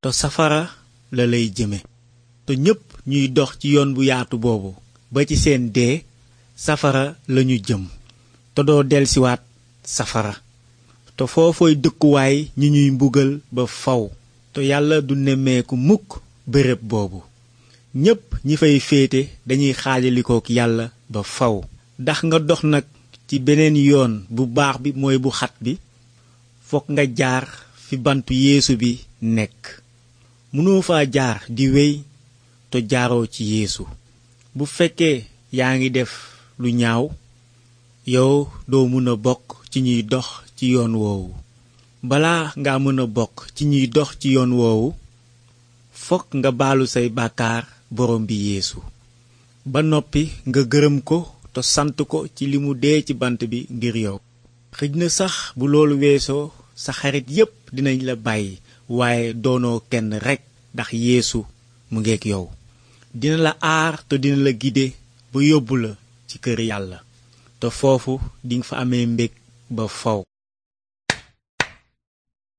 te safara la lay jëme te ñépp ñuy dox ci yoon bu yaatu boobu ba ci seen dee safara lañu jëm te doo delsiwaat safara te foofooy dëkkuwaay ñi ñuy mbugal ba faw te yàlla du nemmeeku mukk bërëb boobu ñépp ñi fay féete dañuy xaajalikook yàlla ba faw ndax nga dox nag ci beneen yoon bu baax bi mooy bu xat bi fokk nga jaar fi bantu yéesu bi nekk mënoo faa jaar di wéy te jaaroo ci yéesu bu fekkee yaa ngi def lu ñaaw yow doo mën a bokk ci ñuy dox ci yoon woowu bala nga mën a bokk ci ñuy dox ci yoon woowu fokk nga baalu say bàkkaar borom bi yéesu ba noppi nga gërëm ko te sant ko ci li mu dee ci bant bi ngir yow xëj na sax bu loolu weesoo sa xarit yépp dinañ la bàyyi waaye doonoo kenn rekk ndax yéesu mu ngeeg yow dina la aar te dina la gide ba yóbbu la ci kër yàlla te foofu dinga fa amee mbég ba faw